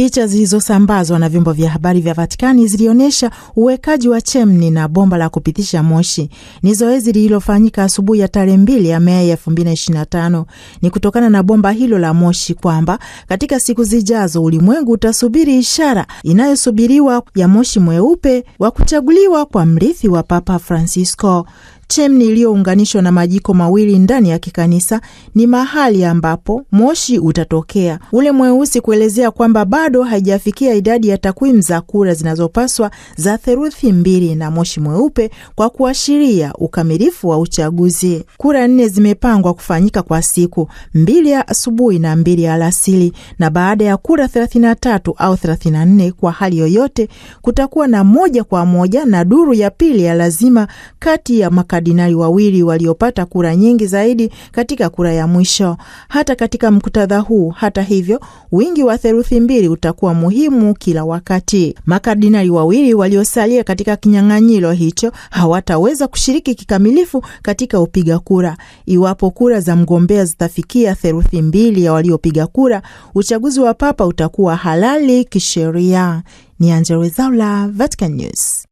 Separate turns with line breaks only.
Picha zilizosambazwa na vyombo vya habari vya Vatikani zilionyesha uwekaji wa chemni na bomba la kupitisha moshi. Ni zoezi lililofanyika asubuhi ya tarehe mbili ya Mei elfu mbili na ishirini na tano. Ni kutokana na bomba hilo la moshi kwamba katika siku zijazo ulimwengu utasubiri ishara inayosubiriwa ya moshi mweupe wa kuchaguliwa kwa mrithi wa Papa Francisco. Chemni iliyounganishwa na majiko mawili ndani ya kikanisa ni mahali ambapo moshi utatokea ule mweusi, kuelezea kwamba bado haijafikia idadi ya takwimu za kura zinazopaswa za theluthi mbili, na moshi mweupe kwa kuashiria ukamilifu wa uchaguzi. Kura nne zimepangwa kufanyika kwa siku mbili, asubuhi na mbili ya alasiri, na baada ya kura 33 au 34 kwa hali yoyote, kutakuwa na moja kwa moja na duru ya pili ya lazima kati ya maka makardinali wawili waliopata kura nyingi zaidi katika kura ya mwisho. Hata katika mkutadha huu, hata hivyo, wingi wa theluthi mbili utakuwa muhimu kila wakati. Makardinali wawili waliosalia katika kinyang'anyiro hicho hawataweza kushiriki kikamilifu katika upiga kura. Iwapo kura za mgombea zitafikia theluthi mbili ya waliopiga kura, uchaguzi wa papa utakuwa halali kisheria. Ni Angella Rwezaula, Vatican News.